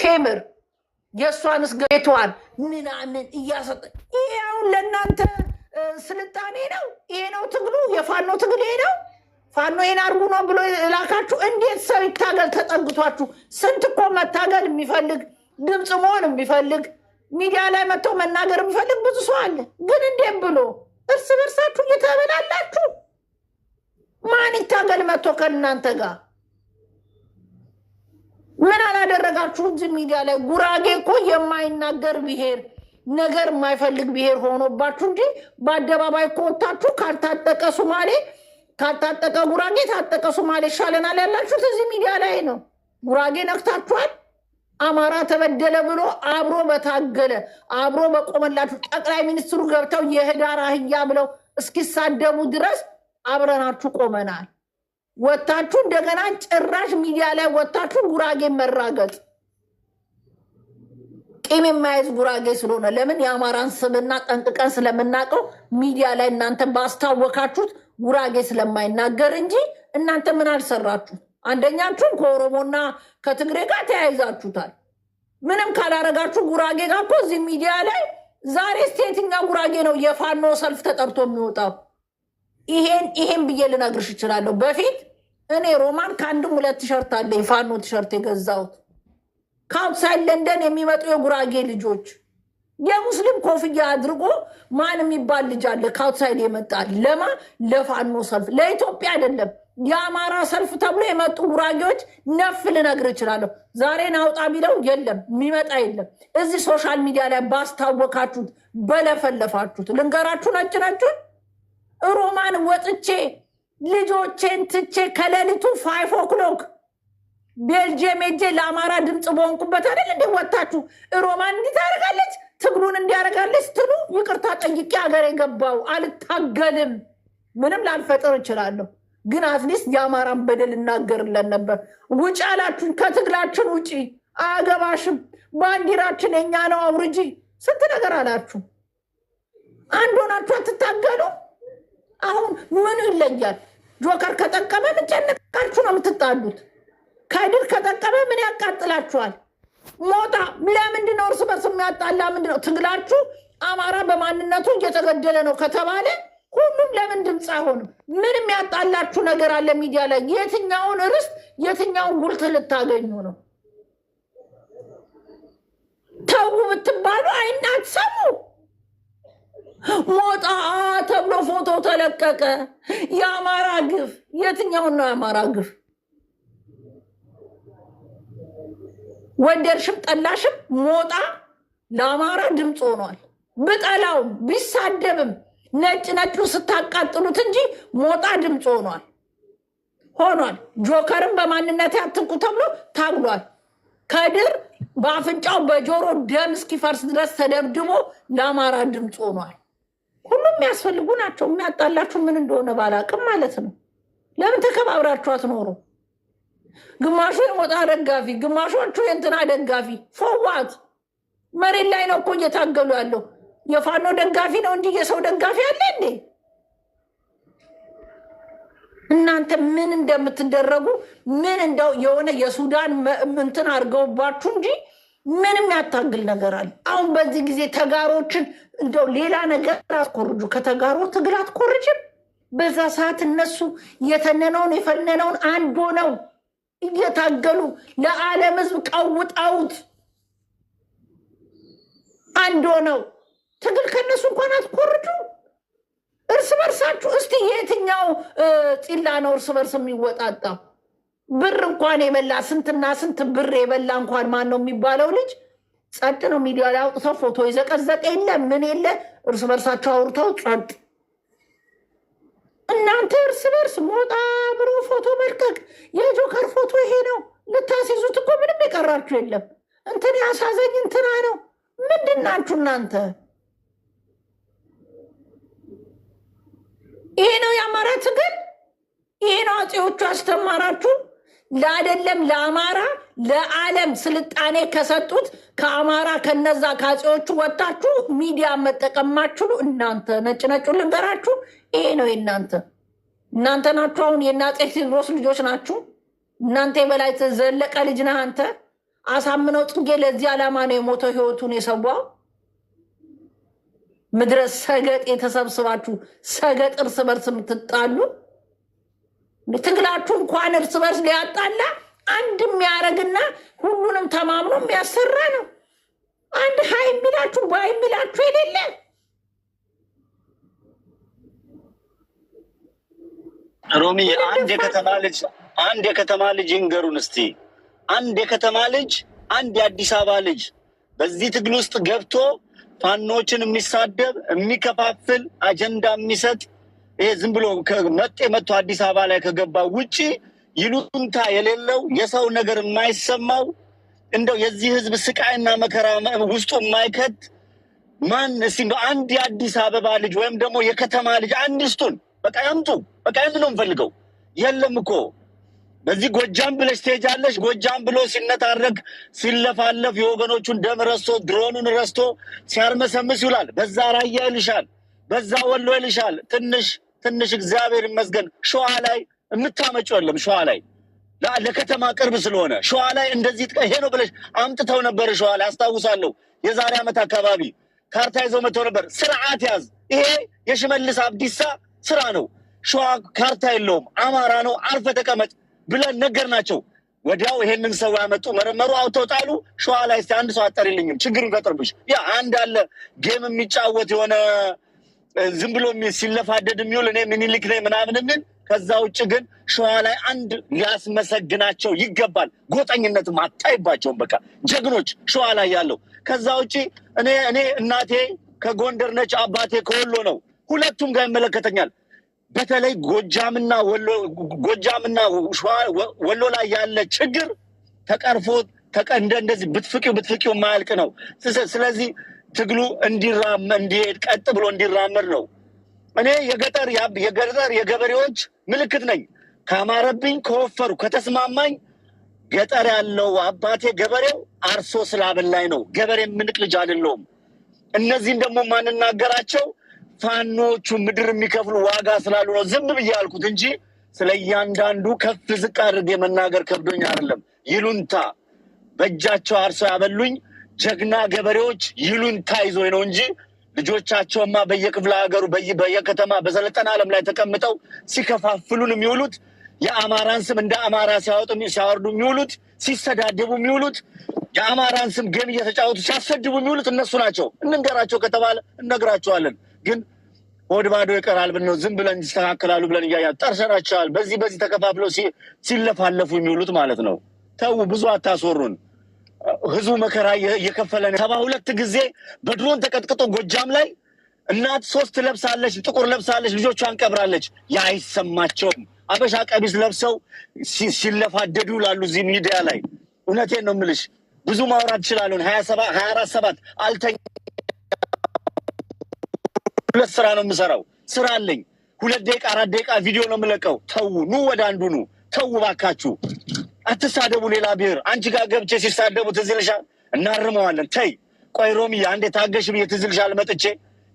ቴምር የእሷንስ ገቷን ምናምን እያሰጠ ይሄ አሁን ለእናንተ ስልጣኔ ነው። ይሄ ነው ትግሉ። የፋኖ ትግል ይሄ ነው። ፋኖ ይሄን አርጉ ነው ብሎ ላካችሁ። እንዴት ሰው ይታገል ተጠግቷችሁ? ስንት እኮ መታገል የሚፈልግ ድምፅ መሆን የሚፈልግ ሚዲያ ላይ መጥቶ መናገር የሚፈልግ ብዙ ሰው አለ። ግን እንዴት ብሎ እርስ በርሳችሁ እየተበላላችሁ ማን ይታገል መጥቶ ከእናንተ ጋር ምን አላደረጋችሁም? እዚህ ሚዲያ ላይ ጉራጌ እኮ የማይናገር ብሄር ነገር የማይፈልግ ብሄር ሆኖባችሁ እንጂ በአደባባይ እኮ ወታችሁ ካልታጠቀ ሱማሌ ካልታጠቀ ጉራጌ ታጠቀ ሶማሌ ይሻለናል ያላችሁት እዚህ ሚዲያ ላይ ነው። ጉራጌ ነክታችኋል። አማራ ተበደለ ብሎ አብሮ በታገለ አብሮ በቆመላችሁ ጠቅላይ ሚኒስትሩ ገብተው የህዳር አህያ ብለው እስኪሳደቡ ድረስ አብረናችሁ ቆመናል። ወታችሁ እንደገና ጭራሽ ሚዲያ ላይ ወታችሁ ጉራጌ መራገጥ ቂም የማያዝ ጉራጌ ስለሆነ ለምን የአማራን ስምና ጠንቅቀን ስለምናውቀው ሚዲያ ላይ እናንተ ባስታወካችሁት ጉራጌ ስለማይናገር እንጂ እናንተ ምን አልሰራችሁ? አንደኛችሁም ከኦሮሞና ከትግሬ ጋር ተያይዛችሁታል። ምንም ካላረጋችሁ ጉራጌ ጋር እኮ እዚህ ሚዲያ ላይ ዛሬ ስቴትኛ ጉራጌ ነው የፋኖ ሰልፍ ተጠርቶ የሚወጣው ይሄን ይሄን ብዬ ልነግርሽ እችላለሁ። በፊት እኔ ሮማን ከአንድም ሁለት ቲሸርት አለ የፋኖ ቲሸርት የገዛሁት ከአውትሳይድ ለንደን የሚመጡ የጉራጌ ልጆች የሙስሊም ኮፍያ አድርጎ ማን የሚባል ልጅ አለ ከአውትሳይድ የመጣ ለማ ለፋኖ ሰልፍ ለኢትዮጵያ አይደለም የአማራ ሰልፍ ተብሎ የመጡ ጉራጌዎች ነፍ ልነግር እችላለሁ። ዛሬን አውጣ ቢለው የለም የሚመጣ የለም። እዚህ ሶሻል ሚዲያ ላይ ባስታወካችሁት በለፈለፋችሁት ልንገራችሁ ነጭናችሁን ሮማን ወጥቼ ልጆቼን ትቼ ከሌሊቱ ፋይፍ ኦክሎክ ቤልጅየም ሄጄ ለአማራ ድምፅ በሆንኩበት አይደል እንዴ ወታችሁ ሮማን እንዲታረጋለች ታደርጋለች፣ ትግሉን እንዲያደርጋለች ትሉ ይቅርታ ጠይቄ ሀገር የገባው አልታገልም። ምንም ላልፈጥር እችላለሁ፣ ግን አትሊስት የአማራን በደል እናገርለን ነበር። ውጭ አላችሁኝ፣ ከትግላችን ውጪ አያገባሽም፣ ባንዲራችን የኛ ነው አውርጂ፣ ስንት ነገር አላችሁ። አንድ ሆናችሁ አትታገሉ። አሁን ምኑ ይለያል? ጆከር ከጠቀመ ምን ጨነቃችሁ ነው የምትጣሉት? ከድር ከጠቀመ ምን ያቃጥላችኋል? ሞጣ ለምንድን ነው እርስ በርስ የሚያጣላ? ምንድን ነው ትግላችሁ? አማራ በማንነቱ እየተገደለ ነው ከተባለ ሁሉም ለምን ድምፅ አይሆንም? ምን የሚያጣላችሁ ነገር አለ? ሚዲያ ላይ የትኛውን ርስት የትኛውን ጉልት ልታገኙ ነው? ተዉ ብትባሉ አይናት ሰሙ ሞጣ ተብሎ ፎቶ ተለቀቀ። የአማራ ግፍ የትኛውን ነው? የአማራ ግፍ ወደድሽም ጠላሽም ሞጣ ለአማራ ድምፅ ሆኗል። ብጠላውም ቢሳደብም ነጭ ነጩ ስታቃጥሉት እንጂ ሞጣ ድምፅ ሆኗል ሆኗል። ጆከርም በማንነት ያትንኩ ተብሎ ታግሏል። ከድር በአፍንጫው በጆሮ ደም እስኪፈርስ ድረስ ተደብድቦ ለአማራ ድምፅ ሆኗል። ሁሉም የሚያስፈልጉ ናቸው። የሚያጣላችሁ ምን እንደሆነ ባላቅም ማለት ነው። ለምን ተከባብራችሁ አትኖሩ? ግማሹ የሞጣ ደጋፊ፣ ግማሾቹ የእንትና ደጋፊ ፎዋት መሬት ላይ ነው እኮ እየታገሉ ያለው። የፋኖ ደጋፊ ነው እንጂ የሰው ደጋፊ አለ እንዴ? እናንተ ምን እንደምትደረጉ ምን እንደው የሆነ የሱዳን እንትን አድርገውባችሁ እንጂ ምንም ያታግል ነገር አለ። አሁን በዚህ ጊዜ ተጋሮችን እንደው ሌላ ነገር አትኮርጁ። ከተጋሮ ትግል አትኮርጅም። በዛ ሰዓት እነሱ የተነነውን የፈነነውን አንዶ ነው እየታገሉ ለዓለም ሕዝብ ቀውጣውት አንዶ ነው ትግል ከነሱ እንኳን አትኮርጁ። እርስ በርሳችሁ እስቲ የትኛው ጢላ ነው እርስ በርስ የሚወጣጣው? ብር እንኳን የበላ ስንትና ስንት ብር የበላ እንኳን ማን ነው የሚባለው ልጅ ጸጥ ነው። ሚዲያ ላይ አውጥተው ፎቶ የዘቀዘቀ የለ ምን የለ እርስ በርሳቸው አውርተው ጸጥ። እናንተ እርስ በርስ ሞጣ ብሮ ፎቶ መልቀቅ የጆከር ፎቶ ይሄ ነው። ልታስይዙት እኮ ምንም የቀራችሁ የለም። እንትን ያሳዘኝ እንትና ነው። ምንድን ናችሁ እናንተ? ይሄ ነው የአማራ ትግል። ይሄ ነው አፄዎቹ አስተማራችሁ? ለአደለም ለአማራ ለዓለም ስልጣኔ ከሰጡት ከአማራ ከነዛ ካጼዎቹ ወጥታችሁ ሚዲያ መጠቀማችሁ እናንተ ነጭ ነጩ ልንገራችሁ፣ ይሄ ነው የእናንተ እናንተ ናችሁ። አሁን የአፄ ቴዎድሮስ ልጆች ናችሁ እናንተ። የበላይ ዘለቀ ልጅ ነህ አንተ። አሳምነው ጽጌ ለዚህ ዓላማ ነው የሞተው ህይወቱን የሰዋው። ምድረ ሰገጥ የተሰብስባችሁ ሰገጥ እርስ በርስ የምትጣሉ ትግላችሁ እንኳን እርስ በርስ ሊያጣላ አንድ የሚያደርግና ሁሉንም ተማምኖ የሚያሰራ ነው። አንድ ሀይ የሚላችሁ ባይ የሚላችሁ የሌለ ሮሚ አንድ የከተማ ልጅ አንድ የከተማ ልጅ ይንገሩን እስቲ። አንድ የከተማ ልጅ አንድ የአዲስ አበባ ልጅ በዚህ ትግል ውስጥ ገብቶ ፋኖችን የሚሳደብ የሚከፋፍል አጀንዳ የሚሰጥ ይሄ ዝም ብሎ መጤ መጥቶ አዲስ አበባ ላይ ከገባ ውጭ ይሉንታ የሌለው የሰው ነገር የማይሰማው እንደው የዚህ ህዝብ ስቃይና መከራ ውስጡ የማይከት ማን እስኪ እንደው አንድ የአዲስ አበባ ልጅ ወይም ደግሞ የከተማ ልጅ አንድ ስቱን በቃ ያምጡ። በቃ ያን ነው የምፈልገው። የለም እኮ በዚህ ጎጃም ብለሽ ትሄጃለሽ። ጎጃም ብሎ ሲነታረግ ሲለፋለፍ የወገኖቹን ደም ረስቶ ድሮኑን ረስቶ ሲያርመሰምስ ይውላል። በዛ ራያ ይልሻል፣ በዛ ወሎ ይልሻል። ትንሽ ትንሽ እግዚአብሔር ይመስገን ሸዋ ላይ የምታመጩ የለም። ሸዋ ላይ ለከተማ ቅርብ ስለሆነ ሸዋ ላይ እንደዚህ ይሄ ነው ብለሽ አምጥተው ነበር። ሸዋ ላይ አስታውሳለሁ፣ የዛሬ ዓመት አካባቢ ካርታ ይዘው መጥተው ነበር። ስርዓት ያዝ። ይሄ የሽመልስ አብዲሳ ስራ ነው። ሸዋ ካርታ የለውም፣ አማራ ነው፣ አርፈ ተቀመጥ ብለን ነገር ናቸው። ወዲያው ይሄንን ሰው ያመጡ መረመሩ፣ አውጥተው ጣሉ። ሸዋ ላይ እስኪ አንድ ሰው አጠሪልኝም ችግር ይፈጥርብሽ። ያ አንድ አለ ጌም የሚጫወት የሆነ ዝም ብሎ ሲለፋደድ የሚውል እኔ ምኒልክ ነኝ ምናምን የሚል ከዛ ውጭ ግን ሸዋ ላይ አንድ ሊያስመሰግናቸው ይገባል። ጎጠኝነትም አታይባቸውም። በቃ ጀግኖች ሸዋ ላይ ያለው ከዛ ውጭ እኔ እኔ እናቴ ከጎንደር ነች፣ አባቴ ከወሎ ነው። ሁለቱም ጋር ይመለከተኛል። በተለይ ጎጃምና ጎጃምና ወሎ ላይ ያለ ችግር ተቀርፎ እንደዚህ ብትፍቂው ብትፍቂው የማያልቅ ነው። ስለዚህ ትግሉ እንዲራመድ እንዲሄድ ቀጥ ብሎ እንዲራመድ ነው። እኔ የገጠር የገጠር የገበሬዎች ምልክት ነኝ። ካማረብኝ፣ ከወፈሩ፣ ከተስማማኝ ገጠር ያለው አባቴ ገበሬው አርሶ ስላበላኝ ነው። ገበሬ ምንቅ ልጅ አይደለውም። እነዚህም ደግሞ ማንናገራቸው ፋኖቹ ምድር የሚከፍሉ ዋጋ ስላሉ ነው ዝም ብዬ ያልኩት እንጂ ስለ እያንዳንዱ ከፍ ዝቅ አድርጌ መናገር ከብዶኝ አይደለም። ይሉንታ በእጃቸው አርሶ ያበሉኝ ጀግና ገበሬዎች ይሉኝታ ይዞ ነው እንጂ ልጆቻቸውማ በየክፍለ ሀገሩ በየከተማ በሰለጠነ ዓለም ላይ ተቀምጠው ሲከፋፍሉን የሚውሉት የአማራን ስም እንደ አማራ ሲያወጡ ሲያወርዱ የሚውሉት ሲሰዳደቡ የሚውሉት የአማራን ስም ገም እየተጫወቱ ሲያሰድቡ የሚውሉት እነሱ ናቸው። እንንገራቸው ከተባለ እነግራቸዋለን። ግን ሆድ ባዶ ይቀራል ብነው ዝም ብለን ይስተካከላሉ ብለን እያያ ጠርሰናቸዋል። በዚህ በዚህ ተከፋፍለው ሲለፋለፉ የሚውሉት ማለት ነው። ተዉ፣ ብዙ አታስወሩን። ህዝቡ መከራ የከፈለ ነው። ሰባ ሁለት ጊዜ በድሮን ተቀጥቅጦ ጎጃም ላይ እናት ሶስት ለብሳለች፣ ጥቁር ለብሳለች፣ ልጆቿን ቀብራለች። ያ አይሰማቸውም። አበሻ ቀሚስ ለብሰው ሲለፋደዱ ላሉ እዚህ ሚዲያ ላይ። እውነቴን ነው የምልሽ ብዙ ማውራት እችላለሁ። ሀያ አራት ሰባት አልተኛ ሁለት ስራ ነው የምሰራው፣ ስራ አለኝ። ሁለት ደቂቃ አራት ደቂቃ ቪዲዮ ነው የምለቀው። ተዉ ኑ፣ ወደ አንዱ ኑ። ተዉ ባካችሁ። አትሳደቡ። ሌላ ብሔር አንቺ ጋር ገብቼ ሲሳደቡ ትዝ ይልሻል። እናርመዋለን። ተይ ቆይ ሮሚ አንዴ ታገሽ ብዬ ትዝ ይልሻል። መጥቼ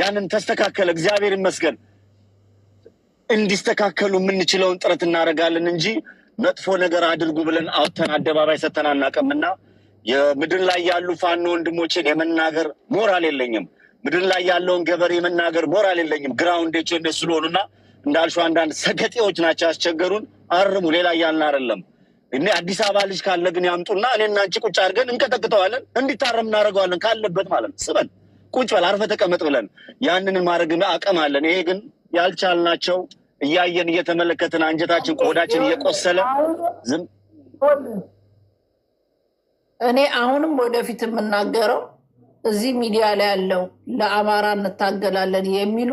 ያንን ተስተካከለ። እግዚአብሔር ይመስገን። እንዲስተካከሉ የምንችለውን ጥረት እናደርጋለን እንጂ መጥፎ ነገር አድርጉ ብለን አውጥተን አደባባይ ሰተን አናውቅምና የምድር ላይ ያሉ ፋኖ ወንድሞችን የመናገር ሞራል የለኝም። ምድር ላይ ያለውን ገበሬ የመናገር ሞራል የለኝም። ግራውንዶች እንደሱ ስለሆኑና እንዳልሹ አንዳንድ ሰገጤዎች ናቸው ያስቸገሩን። አርሙ፣ ሌላ እያልን አይደለም። እኔ አዲስ አበባ ልጅ ካለ ግን ያምጡና እኔና አንቺ ቁጭ አድርገን እንቀጠቅጠዋለን፣ እንዲታረም እናደርገዋለን። ካለበት ማለት ስበን ቁጭ በል አርፈ ተቀመጥ ብለን ያንን ማድረግ አቅም አለን። ይሄ ግን ያልቻልናቸው እያየን እየተመለከትን አንጀታችን ቆዳችን እየቆሰለ ዝም እኔ አሁንም ወደፊት የምናገረው እዚህ ሚዲያ ላይ ያለው ለአማራ እንታገላለን የሚሉ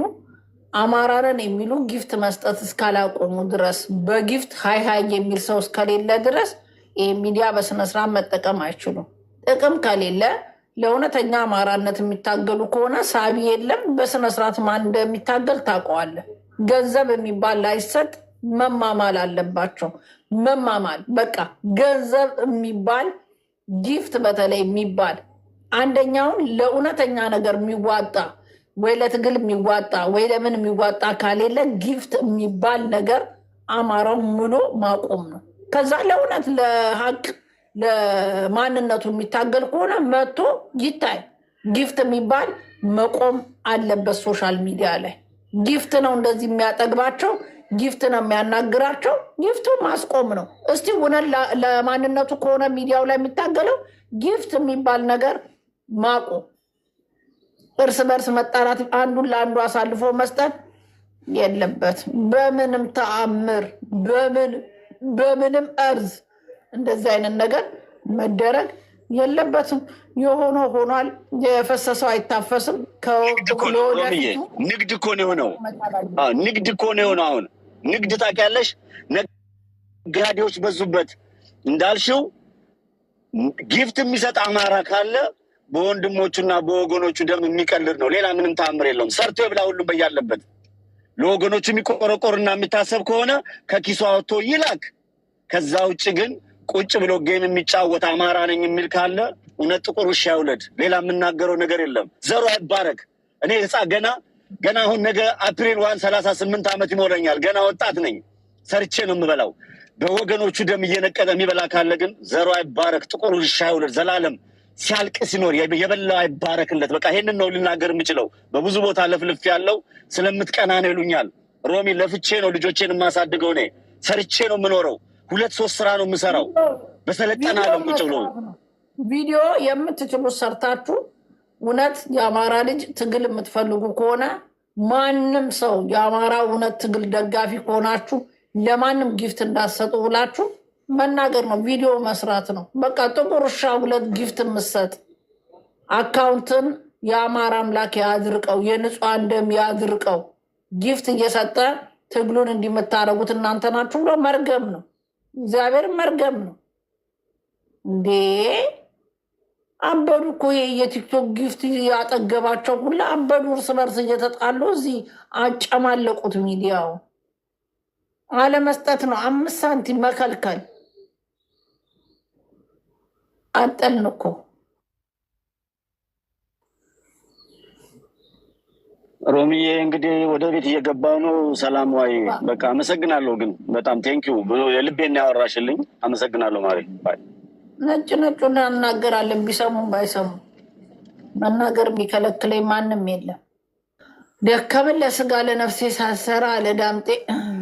አማራ ነን የሚሉ ጊፍት መስጠት እስካላቆሙ ድረስ በጊፍት ሀይ ሀይ የሚል ሰው እስከሌለ ድረስ ይህ ሚዲያ በስነስርዓት መጠቀም አይችሉም። ጥቅም ከሌለ ለእውነተኛ አማራነት የሚታገሉ ከሆነ ሳቢ የለም። በስነስርዓት ማን እንደሚታገል ታውቀዋለህ። ገንዘብ የሚባል ላይሰጥ መማማል አለባቸው። መማማል በቃ ገንዘብ የሚባል ጊፍት በተለይ የሚባል አንደኛውን ለእውነተኛ ነገር የሚዋጣ ወይ ለትግል የሚዋጣ ወይ ለምን የሚዋጣ ካሌለ ጊፍት የሚባል ነገር አማራው ሙሉ ማቆም ነው። ከዛ ለእውነት ለሀቅ ለማንነቱ የሚታገል ከሆነ መጥቶ ይታይ። ጊፍት የሚባል መቆም አለበት። ሶሻል ሚዲያ ላይ ጊፍት ነው እንደዚህ የሚያጠግባቸው፣ ጊፍት ነው የሚያናግራቸው። ጊፍቱ ማስቆም ነው። እስቲ እውነት ለማንነቱ ከሆነ ሚዲያው ላይ የሚታገለው ጊፍት የሚባል ነገር ማቆም እርስ በርስ መጣላት፣ አንዱን ለአንዱ አሳልፎ መስጠት የለበት በምንም ተአምር በምን በምንም እርዝ እንደዚህ አይነት ነገር መደረግ የለበትም። የሆኖ ሆኗል። የፈሰሰው አይታፈስም። ንግድ እኮ ነው የሆነው። ንግድ እኮ ነው የሆነው። አሁን ንግድ ታውቂያለሽ፣ ነጋዴዎች በዙበት እንዳልሽው ጊፍት የሚሰጥ አማራ ካለ በወንድሞቹና በወገኖቹ ደም የሚቀልድ ነው። ሌላ ምንም ተአምር የለውም። ሰርቶ የብላ ሁሉም በያለበት። ለወገኖቹ የሚቆረቆርና የሚታሰብ ከሆነ ከኪሶ አወጥቶ ይላክ። ከዛ ውጭ ግን ቁጭ ብሎ ጌም የሚጫወት አማራ ነኝ የሚል ካለ እውነት ጥቁር ውሻ ይውለድ። ሌላ የምናገረው ነገር የለም። ዘሩ አይባረክ። እኔ ህፃ ገና ገና አሁን ነገ አፕሪል ዋን ሰላሳ ስምንት ዓመት ይሞለኛል ገና ወጣት ነኝ። ሰርቼ ነው የምበላው። በወገኖቹ ደም እየነቀጠ የሚበላ ካለ ግን ዘሩ አይባረክ። ጥቁር ውሻ ይውለድ ዘላለም ሲያልቅ ሲኖር የበላው አይባረክለት። በቃ ይሄንን ነው ልናገር የምችለው። በብዙ ቦታ ለፍልፍ ያለው ስለምትቀና ነው ይሉኛል። ሮሚ ለፍቼ ነው ልጆቼን የማሳድገው። እኔ ሰርቼ ነው የምኖረው። ሁለት ሶስት ስራ ነው የምሰራው። በሰለጠና ነው ቁጭ ብሎ ቪዲዮ የምትችሉት ሰርታችሁ እውነት የአማራ ልጅ ትግል የምትፈልጉ ከሆነ ማንም ሰው የአማራ እውነት ትግል ደጋፊ ከሆናችሁ ለማንም ጊፍት እንዳሰጡ ብላችሁ መናገር ነው፣ ቪዲዮ መስራት ነው። በቃ ጥቁር ውሻ ሁለት ጊፍት የምሰጥ አካውንትን የአማራ አምላክ ያድርቀው፣ የንጹሐን ደም ያድርቀው። ጊፍት እየሰጠ ትግሉን እንዲምታደረጉት እናንተ ናችሁ ብሎ መርገም ነው። እግዚአብሔር መርገም ነው እንዴ! አበዱ እኮ የቲክቶክ ጊፍት ያጠገባቸው ሁላ አበዱ። እርስ በርስ እየተጣሉ እዚህ አጨማለቁት። ሚዲያው አለመስጠት ነው። አምስት ሳንቲም መከልከል አጠልን እኮ ሮሚዬ እንግዲህ ወደ ቤት እየገባ ነው። ሰላም ዋይ። በቃ አመሰግናለሁ። ግን በጣም ቴንኪው የልቤን ያወራሽልኝ አመሰግናለሁ። ማለት ነጭ ነጩ እናናገራለን። ቢሰሙም ባይሰሙ መናገር የሚከለክለኝ ማንም የለም። ደከምን ለስጋ ለነፍሴ ሳሰራ ለዳምጤ